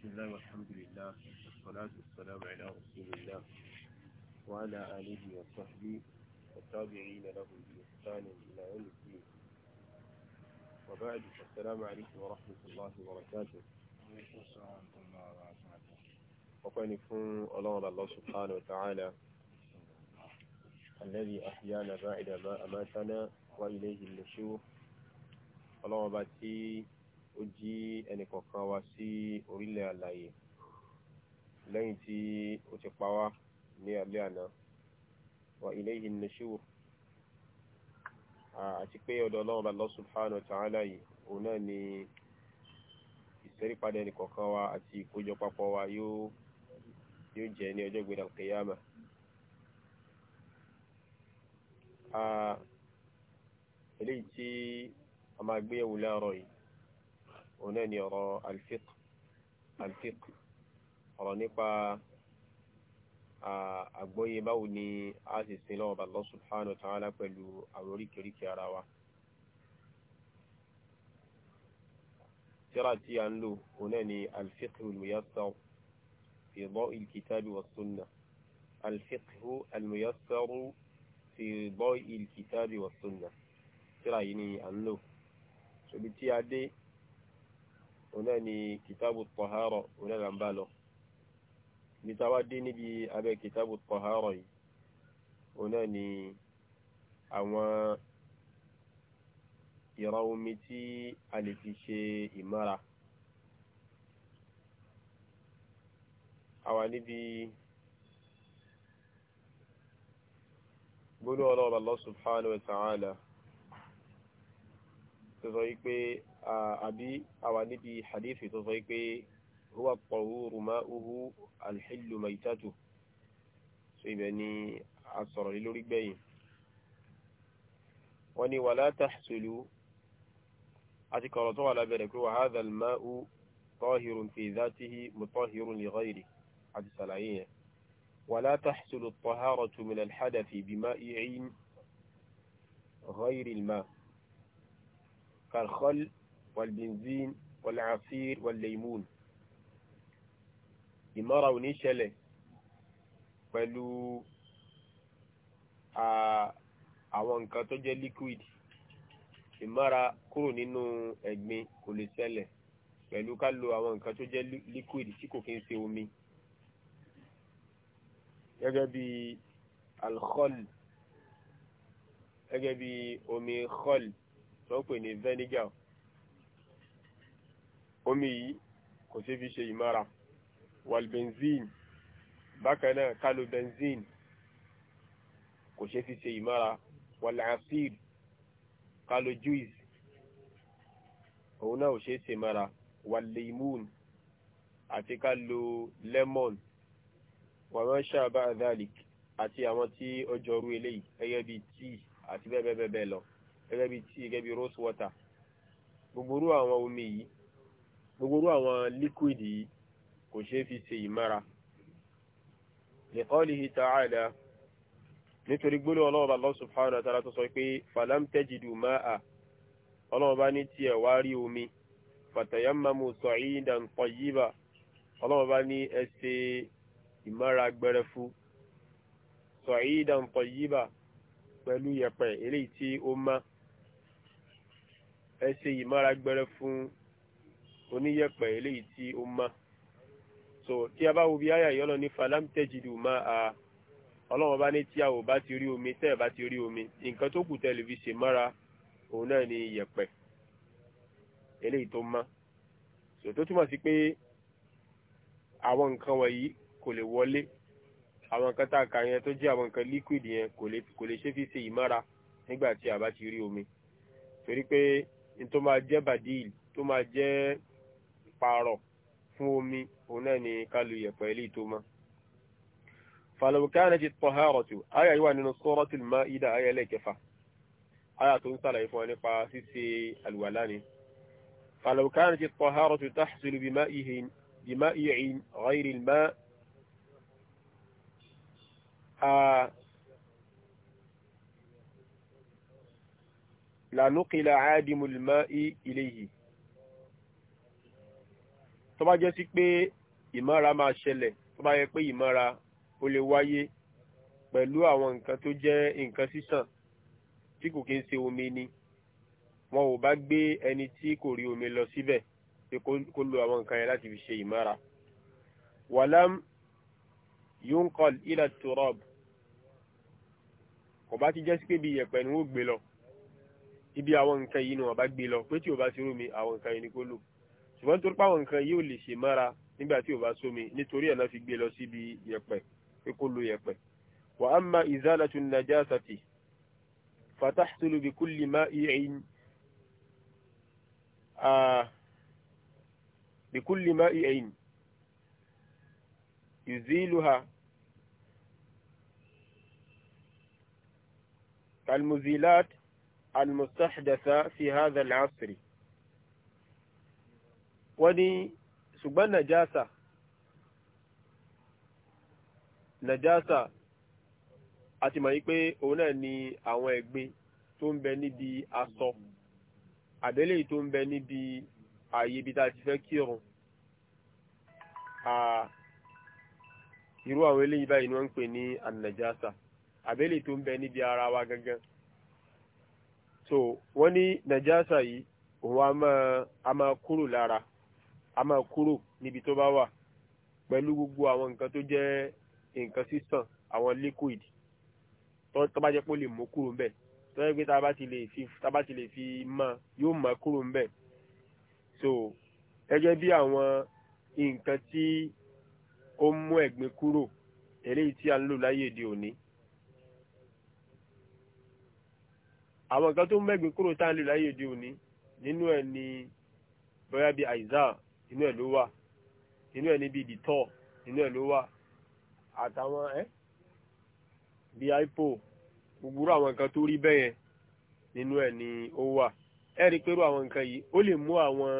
بسم الله والحمد لله والصلاة والسلام على رسول الله وعلى آله وصحبه والتابعين له بإحسان إلى يوم الدين وبعد السلام عليكم ورحمة الله وبركاته وقال فن الله الله سبحانه وتعالى الذي أحيانا بعد ما أماتنا وإليه النشور الله باتي ó jí ẹnìkọ̀ọ̀kan wa sí orílẹ̀ àlàyé lẹ́yìn tí ó ti pa wá ní alẹ́ àná wa ilayhi nushur àti pé ọ̀dọ̀ ọlọ́run Allah subhanahu wa ta'ala yìí òun náà ni ìsẹ́rípadà ẹnìkọ̀ọ̀kan wa àti ìkójọpapọ̀ wa yóò jẹ́ ní ọjọ́ ìgbéra kiyama eléyìí tí a máa gbé yẹ̀wò láàárọ̀ yìí òun náà ni ọ̀rọ̀ alfiq alfiq ọ̀rọ̀ nípa àgbọ́yé báwo ni a sì sin lọ́wọ́ bá Allah subhanahu wa ta'ala pẹ̀lú àwọn oríkèríkè ara wa. tíra tí a ń lò òun náà ni alfiq al-muyassar fi da'i al wa sunnah alfiq al fi da'i al wa sunnah tíra yìí ni a ń lò. ṣòbí tí a dé òun náà ni kìtàbù tọ̀hárọ̀ òun náà là ń bá lọ ibi tá a wá dé níbi abẹ́ kìtàbù tọ̀hárọ̀ yìí òun ni àwọn ìra omi tí fi ṣe ìmára àwa níbi gbólóhùn ọlọ́run Allah subhanahu wa ta'ala tó sọ yìí أبي أو نبي حديث تضيقي هو الطهور ماؤه الحل ميتته سيبني أصر للربين وني ولا تحصل أتكرتو على بركو وهذا الماء طاهر في ذاته مطهر لغيره حديث العين ولا تحصل الطهارة من الحدث بماء عين غير الماء كالخل والبنزين والعصير والليمون. ìmọ́ra ò ní ṣẹlẹ̀ pẹ̀lú àwọn nǹkan tó jẹ́ liquid ìmọ́ra kúrò nínú ẹ̀gbin kò lè ṣẹlẹ̀ pẹ̀lú ká lo àwọn nǹkan tó jẹ́ liquid tí kò kí ń omi gẹ́gẹ́ bí alcohol gẹ́gẹ́ bí omi khol tó ń pè vinegar omi yìí kò ṣe fi ṣe ìmára wal benzin bákan náà ká lo benzin kò ṣe fi ṣe ìmára wal asir ká juice òun náà ò ṣe ṣe mara wal limun àti ká lemon wa ma shaba dhalik àti àwọn tí ọjọ́ rú eléyìí gẹ́gẹ́ bí tíì àti bẹ́ẹ̀ bẹ́ẹ̀ bẹ́ẹ̀ lọ gẹ́gẹ́ bí tíì gẹ́gẹ́ bí rose water gbogbo rú àwọn omi yìí gbogbo irú àwọn liquid yìí kò ṣeé fi ṣe ìmára li qawlihi ta'ala nítorí gbólóhùn ọlọ́ọ̀bá Allah subhanahu wa ta'ala tó sọ pé falam tajidu ma'a ọlọ́ọ̀bá ní tiẹ̀ wá rí omi fatayammamu sa'idan tayyiba ọlọ́ọ̀bá ní ẹ ìmára gbẹrẹfu sa'idan pẹ̀lú yẹ̀pẹ̀ eléyìí tí ó má ẹ ìmára gbẹrẹ oníyẹ̀pẹ̀ eléyìí tí ó mọ́ so tí a bá wo bí àyà yìí ọlọ́ni falam tẹ́jìdù má a ọlọ́wọ́n bá ní tí a ò bá ti rí omi tẹ́ ẹ̀ bá ti rí omi nǹkan tó kù tẹlifíṣẹ̀ mọ́ra òun náà ni yẹ̀pẹ̀ eléyìí tó mọ́ so tó túmọ̀ sí pé àwọn nǹkan wọ̀nyí kò lè wọlé àwọn nǹkan tá a kà yẹn tó jẹ́ àwọn nǹkan liquid yẹn kò lè ṣe fi ṣe ìmọ́ra nígbà tí a bá ti rí omi torí pé n tó máa jẹ́ badil tó máa jẹ́ pààrọ̀ fún omi òun náà ni ká lu yẹ̀pẹ̀ ilé tó mọ́ فلو كانت الطهارة آية يوان من سورة المائدة آية لكفة آية تنسل إفواني قاسسي الولاني فلو كانت الطهارة تحصل بمائه بمائع غير الماء آه لا نقل عادم الماء إليه tó bá jẹ́ sí pé ìmọ́ra máa ṣẹlẹ̀ tó bá yẹ pé ìmọ́ra ó lè wáyé pẹ̀lú àwọn nǹkan tó jẹ́ nǹkan sísàn tí kò kí ń ṣe omi ni wọn ò bá gbé ẹni tí kò rí omi lọ síbẹ̀ pé kó lo àwọn nǹkan yẹn láti fi ṣe ìmọ́ra wàlám yunqal ila turab kò bá ti jẹ́ sí pé bí iyẹ̀pẹ̀ ni wọ́n gbé lọ ibi àwọn nǹkan yìí ni wọ́n bá gbé lọ pé tí ò bá sí rúmi àwọn nǹkan yìí ni kó lò ṣùgbọ́n nítorí páwọn nǹkan yìí ò lè ṣe mára nígbà tí ò bá sómi nítorí ẹ̀ náà fi gbé lọ síbi yẹ̀pẹ̀ pé kó lo yẹ̀pẹ̀. wa amma izalatu najasati fatahsulu bi kulli ma'i'in bi kulli ma'i'in yuziluha kalmuzilat المستحدثة في هذا العصر wọ́n ní ṣùgbọ́n nàjásà nàjásà àti mọ̀ yí pé òun náà ni àwọn ẹ̀gbin tó ń bẹ níbi aṣọ àbẹ́lé tó ń bẹ níbi ààyè ibi tá a ti fẹ́ kírun irú àwọn eléyìí báyìí ni wọ́n ń pè ní ànàjásà àbẹ́lé tó ń bẹ níbi ara wa gangan so wọ́n ní nàjásà yìí òun a máa kúrò lára a máa kúrò níbi tó bá wà pẹ̀lú gbogbo àwọn nǹkan tó jẹ́ nǹkan sísàn àwọn liquid tó bá jẹ́ pé ó lè mú kúrò ńbẹ̀ tó yẹ pé tá a bá ti lè fi tá yóò mọ kúrò ńbẹ̀ so gẹ́gẹ́ bí àwọn nǹkan tí ó mú ẹ̀gbin kúrò eléyìí tí a ń lò láyé èdè òní àwọn nǹkan tó mú ẹ̀gbin kúrò tá a ń lò láyé èdè òní nínú ẹ̀ ni bóyá bíi àìsàn inú ẹ̀ ló wà inú ẹ̀ níbi ìdìtọ̀ inú ẹ̀ ló wà àtàwọn ẹ́ bí ipo gbogbo àwọn nǹkan tó rí bẹ́yẹn nínú ẹ̀ ni ó wà ẹ rí pẹ̀lú àwọn nǹkan yìí ó lè mú àwọn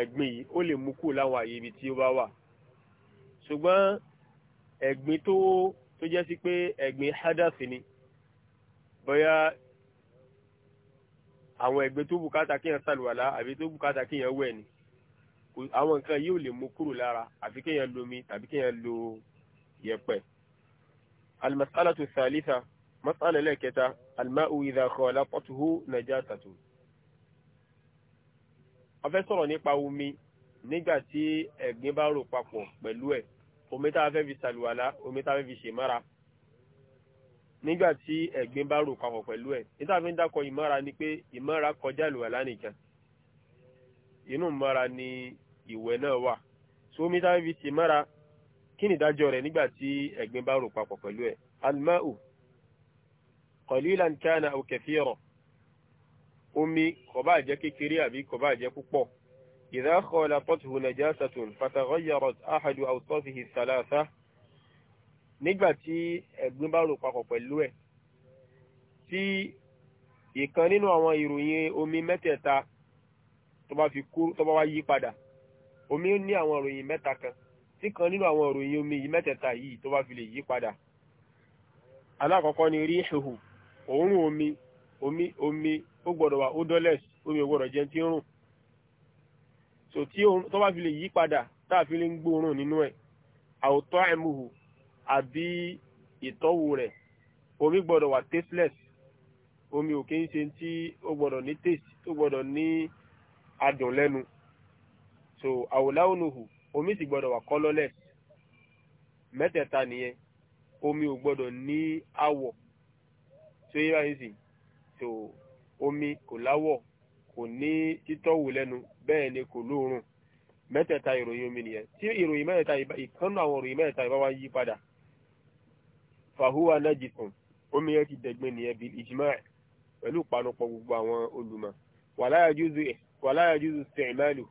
ẹ̀gbin yìí ó lè mú kúrò láwọn àyè ibi tí ó bá wà ṣùgbọ́n ẹ̀gbin tó tó jẹ́ sí pé ẹ̀gbin hádàsì ni bóyá àwọn ẹgbẹ́ tó bùkátà kéèyàn sàlùwàlá àbí tó bùkátà kéèyàn wẹ̀ ni àwọn nǹkan yìí ò lè mú kúrò lára àfi kéèyàn lomi tàbí kéèyàn lo yẹ̀pẹ̀. almasalatu salisa masala lẹ́kẹta alma'u idha khalaqatuhu najasatu. a fẹ́ sọ̀rọ̀ nípa omi nígbà tí ẹ̀gbin bá rò papọ̀ pẹ̀lú ẹ̀ omi tá a fẹ́ fi sàlùwàlá omi tá a fẹ́ fi ṣèmára nígbà tí ẹ̀gbin bá rò papọ̀ pẹ̀lú ẹ̀ níta fi ń dákọ ìmọ́ra ni pé ìmọ́ra kọjá àlùwàlá nìkan inú ìmọ́ra ni ìwẹ̀ náà wà so mi táwọn fi ti mọ́ra kí ni ìdájọ́ rẹ̀ nígbà tí ẹ̀gbin bá rò papọ̀ pẹ̀lú ẹ̀ alma'u qalilan kana aw kathira omi kò bá jẹ́ kékeré àbí kò bá jẹ́ púpọ̀ idha khalatathu najasatun fataghayarat ahadu awsafihi thalatha nígbà tí ẹ̀gbin bá rò papọ̀ pẹ̀lú ẹ̀ tí ìkan nínú àwọn ìròyìn omi mẹ́tẹ̀ẹ̀ta tó bá fi kú tó bá wá yí padà omi ní àwọn ìròyìn mẹ́ta kan tí kan nínú àwọn ìròyìn omi yìí mẹ́tẹ̀ẹ̀ta yìí tó bá fi lè yí padà alákọ̀ọ́kọ́ ni rí ìhòhò òórùn omi omi omi ó gbọ́dọ̀ wà odorless omi ò gbọ́dọ̀ jẹ́ tí ń rùn so tí tó bá fi lè yí padà tá a fi lè ń gbóòórùn nínú ẹ̀ àwòtọ́ àìmùhù àbí ìtọ́wò rẹ̀ omi gbọ́dọ̀ wà tasteless omi ò kí ń ṣe tí ó gbọ́dọ̀ ní taste tó gbọ́dọ̀ ní adùn lẹ́nu so àwòláwònùhù omi sì gbọ́dọ̀ wà colourless mẹ́tẹ̀ẹ̀ta nìyẹn omi ò gbọ́dọ̀ ní àwọ̀ tó yẹ báyìí sì so omi kò láwọ̀ kò ní títọ́wò lẹ́nu bẹ́ẹ̀ ni kò lóorùn mẹ́tẹ̀ẹ̀ta ìròyìn omi nìyẹn tí ìròyìn mẹ́tẹ̀ẹ̀ta ìkànnù àwọn ìròyìn mẹ́tẹ̀ẹ̀ta ìbá wa yí padà fàhùwà najisun omi yẹn ti dẹ̀gbẹ́ nìyẹn bil ijma' pẹ̀lú ìpanupọ̀ gbogbo àwọn olùmọ̀ wala yajuzu wala yajuzu isti'malu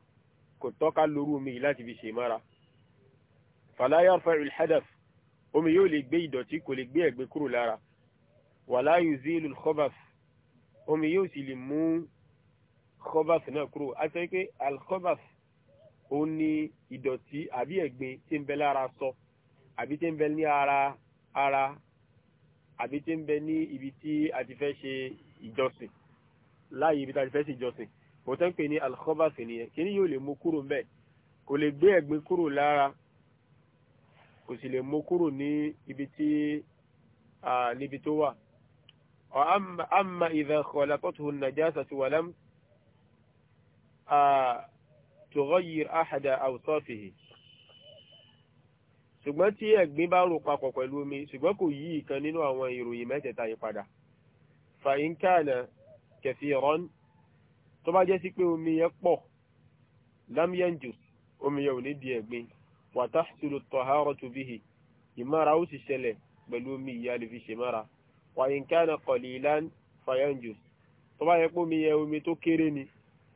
kò tọ́ka lóru omi yìí láti fi ṣe ìmára fala yarfa'u al-hadath omi yóò lè gbé ìdọ̀tí kò lè gbé ẹ̀gbẹ́ kúrò lára wala yuzilu al-khabath omi yóò sì lè mú khabath náà kúrò àti pé al ó ní ìdọ̀tí àbí ẹ̀gbin tí ń bẹ lára sọ àbí tí ń bẹ ní ara ara àbí tí ń bẹ ní ibi tí a ti fẹ́ ṣe ìjọsìn láàyè ibi tí a ti fẹ́ ṣe ìjọsìn kò tẹ́ ń pè ní alkhobas nìyẹn kí ni yóò lè mú kúrò mbẹ́ kò lè gbé ẹ̀gbin kúrò lára kò sì lè mú kúrò ní ibi tí níbi tó wà amma idha khalaqathu an-najasatu wa lam tughayyir ahada awsafihi ṣùgbọ́n tí ẹ̀gbin bá rò papọ̀ pẹ̀lú omi ṣùgbọ́n kò yí ìkan nínú àwọn ìròyìn mẹ́tẹ̀ẹ̀ta yìí padà fa in kana kathiran tó bá jẹ́ sí pé omi yẹn pọ̀ lam yanjus omi yẹn ò ní di ẹ̀gbin wa tahsulu at-taharatu bihi ìmára ó sì ṣẹlẹ̀ pẹ̀lú omi ìyá lè fi ṣe mára wa in kana qalilan fa yanjus tó bá yẹ pé omi yẹn omi tó kéré ni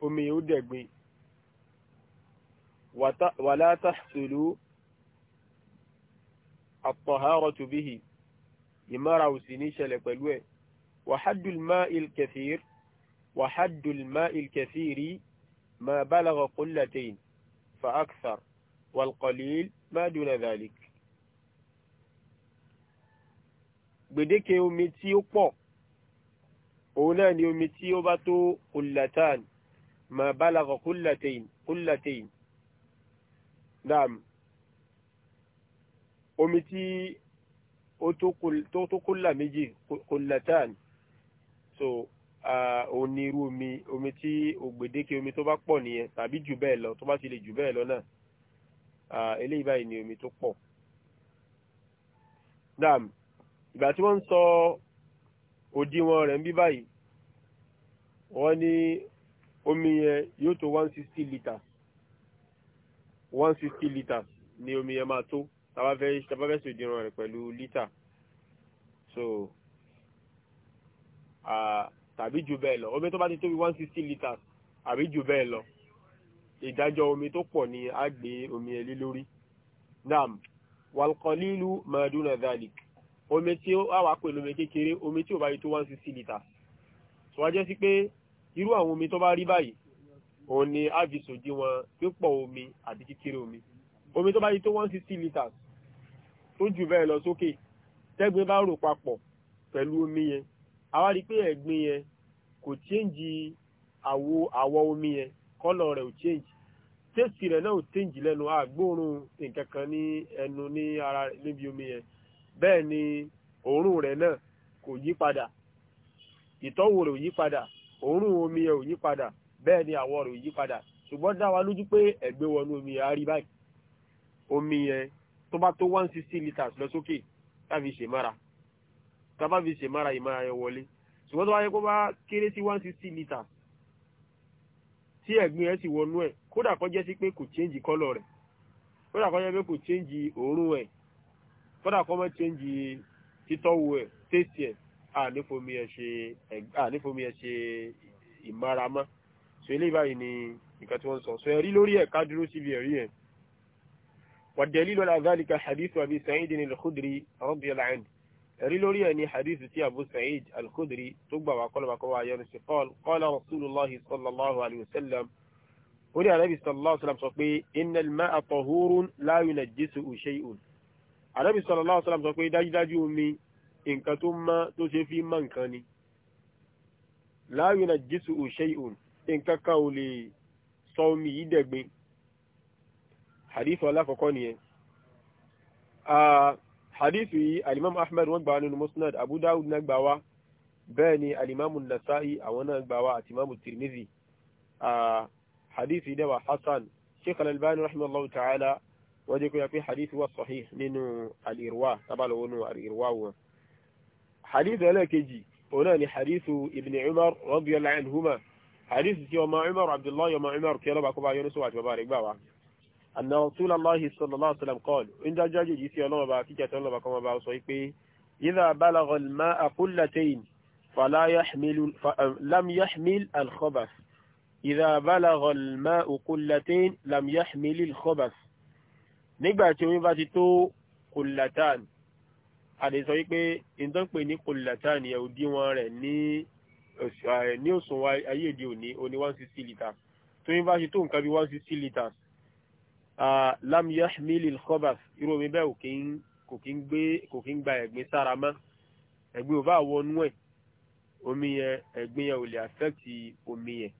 omi الطهارة به يمرع سنيشة لبلوه وحد الماء الكثير وحد الماء الكثير ما بلغ قلتين فأكثر والقليل ما دون ذلك بديك يوميتي يقو أولان يوميتي يبطو قلتان ما بلغ قلتين قلتين نعم omi tí ó tó kólà méjì kólàtàn so òun ni irú omi omi tí ògbèdéke omi tó bá pọ̀ nìyẹn tàbí jù bẹ́ẹ̀ lọ tó bá ti lè jù bẹ́ẹ̀ lọ náà eléyìí báyìí ni omi tó pọ̀ dam ìgbà tí wọ́n ń sọ òdiwọ̀n rẹ̀ ń bí báyìí wọ́n ní omi yẹn yóò tó one sixty litres one sixty litres ni omi yẹn máa tó tàbáfẹ́ tàbáfẹ́ sí òdiwọ̀n rẹ̀ pẹ̀lú lítà so tàbí jù bẹ́ẹ̀ lọ omi tó bá ti tóbi one sixty litres àbí jù bẹ́ẹ̀ lọ ìdájọ́ omi tó pọ̀ ni a omi ẹ̀lí lórí nam walqalilu maduna dhalik omi tí ó wà pẹ̀lú omi kékeré omi tí ó bá yí tó one sixty litres so wá jẹ́ sí pé irú àwọn omi tó bá rí báyìí òun ni a fi sòdiwọ̀n pípọ̀ omi àti kékeré omi omi tó bá yí tó one sixty litres tó jù bẹ́ẹ̀ lọ sókè tẹ́gbin bá rò papọ̀ pẹ̀lú omi yẹn àwa rí pé ẹ̀gbin yẹn kò chéǹjì àwọ̀ àwọ̀ omi yẹn kọ́lọ̀ rẹ̀ ò chéǹjì tẹ́sì rẹ̀ náà ò lẹ́nu àgbóòrùn nǹkan kan ní ẹnu ní ara níbi omi yẹn bẹ́ẹ̀ ni òórùn rẹ̀ náà kò yí padà ìtọ́wò rẹ̀ ò yí padà òórùn omi yẹn ò yí padà bẹ́ẹ̀ ni àwọ̀ rẹ̀ tó bá tó one sixty litres lọ sókè tàbí ṣe mára tàbá fi ṣe mára ìmára yẹn wọlé ṣùgbọ́n tó bá yẹ kó bá kéré sí one sixty litres tí ẹ̀gbin ẹ̀ sì wọnú ẹ̀ kódà kó jẹ́ sí pé kò change colour rẹ̀ kódà kó jẹ́ pé kò change òórùn ẹ̀ kódà kó má change títọ́wò ẹ̀ tẹ́sì ẹ̀ ànífomi ẹ̀ ṣe ìmára mọ́ so eléyìí báyìí ni nǹkan tí wọ́n sọ so ẹ̀rí lórí ẹ̀ ká dúró síbi ẹ̀rí ẹ̀ والدليل على ذلك حديث أبي سعيد الخدري رضي الله عنه ريلوري يعني حديث تي أبو سعيد الخدري تقبع وقال وقوى يرسي قال قال رسول الله صلى الله عليه وسلم قل النبي صلى الله عليه وسلم صقبي إن الماء طهور لا ينجسه شيء النبي صلى الله عليه وسلم صقبي داج داج أمي إن كتم تشفي من كاني لا ينجسه شيء إن كقولي صومي يدقبي hadith alákọ̀ọ́kọ́ nìyẹn hadith yìí alimam ahmed wọ́n gbà wá nínú musnad abu dawud náà gbà wá bẹ́ẹ̀ ni alimamu nasa'i àwọn náà gbà wá àti imamu tirmidhi hadith yìí dẹ́wà hasan sheikh al-albani rahimahullahu ta'ala wọ́n jẹ́ kó yà pé hadith wa sahih nínú al-irwa tabalowó nù al-irwa wọn hadith ẹlẹ́kejì òun náà ni hadith ibn umar radiyallahu anhuma hadith tí ọmọ umar abdullahi ọmọ umar kí ọlọ́ba kó bá yọnu anna rasulallahi sallallahu alaihi wasallam qala in jaja ji si Ọlọ́run ba kike ton ba kan ba sọ pé idha balagha al-ma'a qullatayn fala yahmil eh, lam yahmil al-khabath idha balagha al-ma'u qullatayn lam yahmil al-khabath nígbà tí omi bá ti tó qullatan ade sọ pé in ton pè ní qullatan ya odi wọn rẹ̀ ní eh, lam yahmil al-khabath irú omi bẹ́ẹ̀ kò kí ń gba ẹ̀gbin sára mọ́ ẹ̀gbin ò bá wọnú ẹ̀ omi yẹn ẹ̀gbin yẹn ò lè affect omi yẹn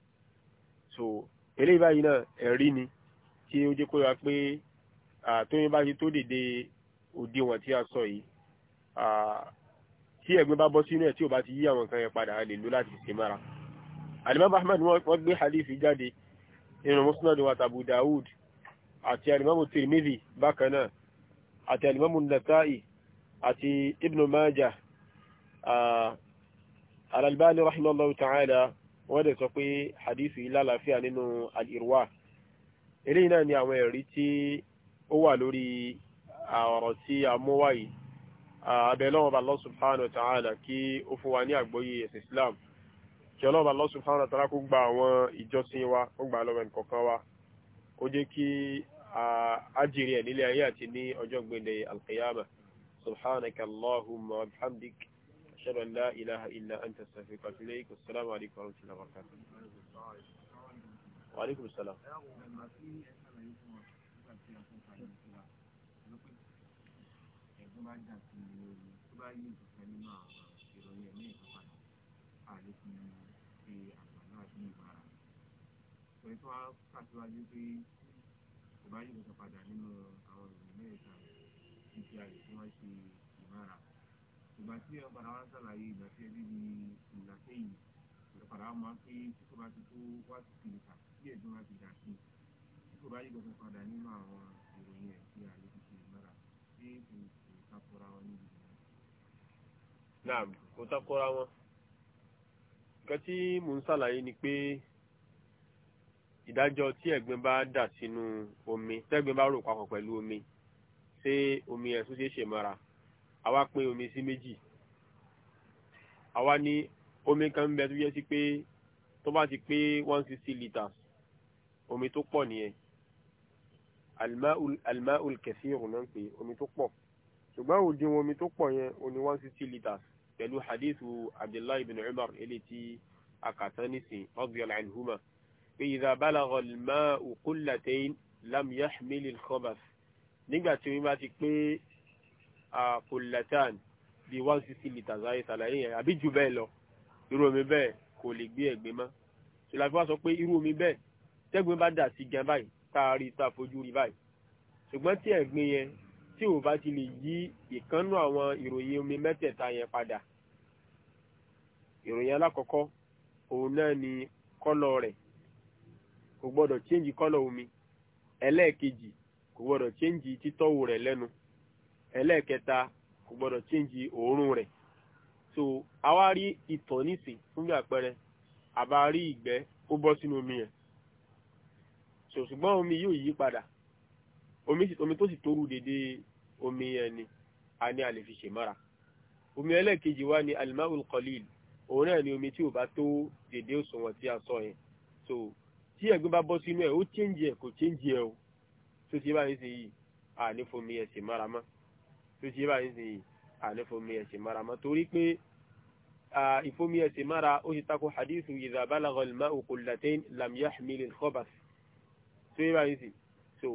so eléyìí báyìí náà ẹ̀rí ni tí ó jẹ́ kó yà pé àtóyìn bá ṣe tó dèdè òdiwọ̀n tí a sọ yìí tí ẹ̀gbin bá bọ́ sínú ẹ̀ tí ò bá ti yí àwọn nǹkan yẹn padà lè lò láti ṣe mára alimami ahmed wọ́n gbé hadith jáde nínú musnad wa tabu daoud àti alimamu tirmidhi bákan náà àti alimamu nasa'i àti ibn majah alalbani rahimallahu ta'ala wọ́n dẹ̀ sọ pé hadithu yìí lálàáfíà nínú al'irwa eléyìí náà ni àwọn ẹ̀rí tí ó wà lórí ọ̀rọ̀ tí a mú wáyé abẹ́lọ́wọ́ bá Allah subhanahu wa ta'ala kí ó fún wa ní àgbóyé ẹ̀sìn islam kí ọlọ́wọ́ bá subhanahu wa ta'ala kó gba àwọn ìjọsìn wa ó gba lọ́wọ́ ẹnìkọ̀ọ̀kan wa ó jẹ́ kí ajiri ẹ̀ nílé ayé àti ní ọjọ́ gbẹ̀lẹ̀ alqiyama subhanaka allahumma wa bihamdik ashhadu an la ilaha illa anta astaghfiruka wa atubu ilayk assalamu alaykum wa rahmatullahi wa barakatuh wa alaykum assalam Thank you ọkùnrin tó wá kàṣíwájú pé kò bá yíyọ̀ padà nínú àwọn ìlú mẹ́ta ìfi àyè tí wọ́n ṣe ìmára ìgbà tí ẹ padà wá sàlàyé ìgbà tí ẹ débi ìlà kẹ́yìn ẹ padà wá máa pé tí kò bá ti tó wá sí kìlìkà tí ẹ̀dùn wá ti dà sí tí kò bá yíyọ̀ padà nínú àwọn ìròyìn ẹ̀ tí àyè ti ṣe ìmára tí kò takora wọn níbi ìlú. Naam, kò takora wọn. Nǹkan mò ń sàlàyé ni pé ìdájọ́ tí ẹ̀gbin bá dà sínú omi tẹ́gbin bá rò papọ̀ pẹ̀lú omi ṣé omi ẹ̀ tún ṣe é ṣe mọ́ra àwa pín omi sí méjì àwa ní omi kan ń bẹ tó yẹ sí pé tó bá ti pé one sixty litres omi tó pọ̀ nìyẹn almaul kẹfìrù náà ń pè omi tó pọ̀ ṣùgbọ́n òdiwọ̀n omi tó pọ̀ yẹn o ní one sixty litres pẹ̀lú hadithu abdullahi bin umar eléyìí tí a kà tán nísìn radiyallahu anhuma pé idha balagha al-ma'u qullatayn lam yahmil al-khabath nígbà tí omi bá ti pé qullatan bíi one sixty litres ayé sàlàyé yẹn àbí jù bẹ́ẹ̀ lọ irú omi bẹ́ẹ̀ kò lè gbé ẹ̀gbin mọ́ ṣùgbọ́n àfi wá sọ pé irú omi bẹ́ẹ̀ tẹ́gbin bá dà sí gan báyìí tá tá a fojú rí báyìí ṣùgbọ́n tí ẹ̀gbin yẹn tí ò bá ti lè yí ìkánnú àwọn ìròyìn omi mẹ́tẹ̀ẹ̀ta yẹn padà ìròyìn alákọ̀ọ́kọ́ òun náà ni kọ́lọ̀ rẹ̀ kò gbọ́dọ̀ change kọ́lọ̀ omi ẹlẹ́ẹ̀kejì kò gbọ́dọ̀ change títọ́wò rẹ̀ lẹ́nu ẹlẹ́ẹ̀kẹta kò gbọ́dọ̀ change òórùn rẹ̀ so àwa rí ìtọ̀ nísìn fún bí àpẹẹrẹ àbá rí ìgbẹ́ ó bọ́ sínú omi yẹn so ṣùgbọ́n omi yóò yí padà omi tó sì tóru dédé omi yẹn ni a ní a lè fi ṣèmọ́ra omi ẹlẹ́ẹ̀kejì wá ní alimahul qalil òun náà ni omi tí ò bá tó dédé òṣùwọ̀n tí a sọ yẹn so tí ẹ̀gbin bá bọ́ sínú ẹ̀ ó change ẹ̀ kò change ẹ̀ o tó ti bá yín sí yìí àní fomi ẹ̀sìn mára mọ́ tó ti bá yín sí yìí àní fomi ẹ̀sìn mára mọ́ torí pé ìfomi ẹ̀sìn mára ó ti takò hadithu idha balagha al-ma'u qullatayn lam yahmil al-khabath tó ti bá yín sí so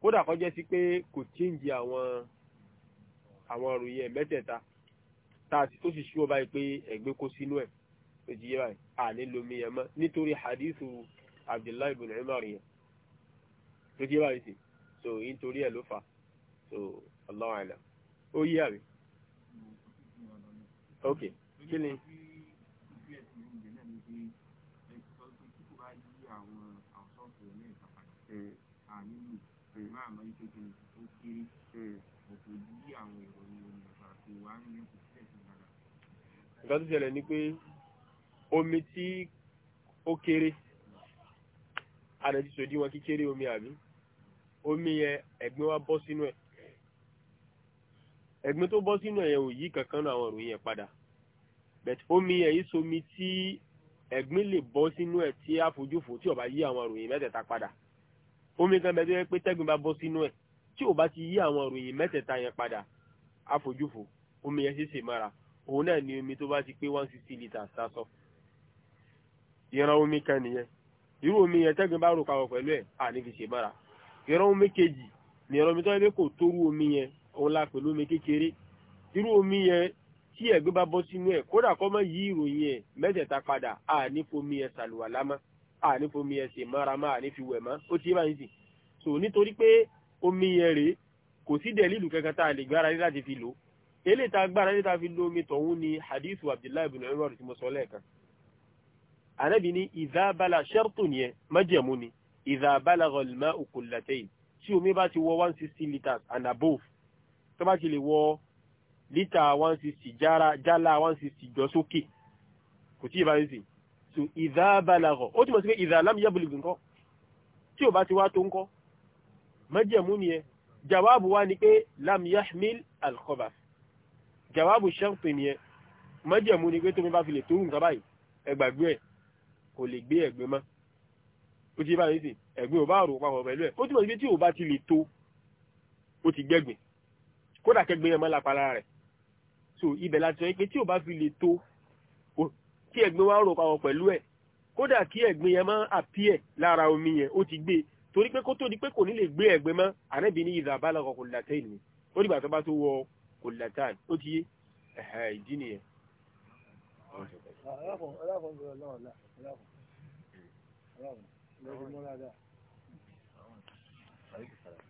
kódà kọjá sí pé kò change àwọn àwọn ọ̀rọ̀ yẹn mẹ́tẹ̀ẹ̀ta tààtì tó sì ṣú ọba yìí pé ẹ̀gbẹ́ kó sínú ẹ̀ tó ti yé báyìí àní lomi ẹ̀ mọ́ nítorí hadithu abdullahi ibn umar yẹn tó jẹ́ báyìí sí so nítorí ẹ̀ ló fà so Allahu a'lam ó yí àbí ok kí ni. nǹkan tó ṣẹlẹ̀ ni pé omi tí ó kéré àdàtì sòdí wọn kékeré omi àbí omi yẹn ẹ̀gbin wa bọ́ sínú ẹ̀ ẹ̀gbin tó bọ́ sínú ẹ̀ yẹn ò yí kankan náà àwọn ìròyìn yẹn padà but omi yẹn yìí somi tí ẹ̀gbin lè bọ́ sínú ẹ̀ tí àfojúfò tí ó yí àwọn ìròyìn mẹ́tẹ̀ẹ̀ta padà omi kan bẹ tó yẹ pé tẹ́gbin bá bọ́ sínú ẹ̀ tí ó bá ti yí àwọn ìròyìn mẹ́tẹ̀ẹ̀ta yẹn padà àfojúfò omi yẹn sì sè mára òun náà ni omi tó bá ti pé one sixty litres sásọ ìran omi kan nìyẹn irú omi yẹn tẹ́gbìn bá rò papọ̀ pẹ̀lú ẹ̀ àníbi ṣe bára ìran omi kejì ní ìran omi tó yẹ kó torú omi yẹn òun la pẹ̀lú omi kékeré irú omi yẹn tí ẹ̀gbẹ́ bá bọ́ sínú ẹ̀ kódà kọ́ mọ́ yí ìròyìn ẹ̀ mẹ́tẹ̀ẹ̀ta padà ànífomi ẹ̀ sàlùwàlá mọ́ ànífomi ẹ̀ ṣe mọ́ra mọ́ ànífiwẹ̀ mọ́ ó ti máa ń sìn so nítorí pé omi yẹn rèé kò sí dẹ̀lílù kankan tá a lè gbára láti fi lò eléyìí gbára lé fi lo omi tọ̀hún ni hadithu abdullahi ibn umar tí mo sọ lẹ́ẹ̀kan ànábì ní ìdábàlà ṣẹ́rtù nìyẹn májẹ̀mú ni ìdábàlà ọ̀lùmọ́ òkùnlẹ̀tẹ̀yìn tí omi bá ti wọ one sixty litres and above tó bá ti lè wọ lítà one sixty jára jálá one sixty jọ sókè kò tí ì bá yẹn sìn so ìdábàlà ọ̀ ó túmọ̀ sí pé ìdàlámù yẹ́bùlùgì nǹkan tí ò bá ti wá tó nǹkan májẹ̀mú nìyẹn jawabu wa ni pé lam yahmil alkhobar jawabu ṣẹ́ǹpì nìyẹn májẹ̀mú ni pé tómi bá fi lè tó nǹkan ẹgbàgbé ẹ̀ kò lè gbé ẹ̀gbin mọ́ ó ti bá yìí sì ẹ̀gbin ò bá rò papọ̀ pẹ̀lú ẹ̀ ó túmọ̀ sí pé tí ò bá ti lè tó ó ti gbẹ̀gbin kódà kẹgbin yẹn mọ́ lápá lára rẹ̀ so ibẹ̀ láti sọ pé tí ò bá fi lè tó kí ẹ̀gbin wá rò papọ̀ pẹ̀lú ẹ̀ kódà kí ẹ̀gbin yẹn mọ́ àpíẹ̀ lára omi yẹn ó ti gbé torí pé kó tó di pé kò ní lè gbé ẹ̀gbin mọ́ àrẹ́bí ní ìdá abálọ̀kọ̀ kò látẹ́ ìní ó dìgbà tó bá tó wọ kò látàn ó ti yé ẹ̀hẹ̀ ìdí nìyẹn Thank you.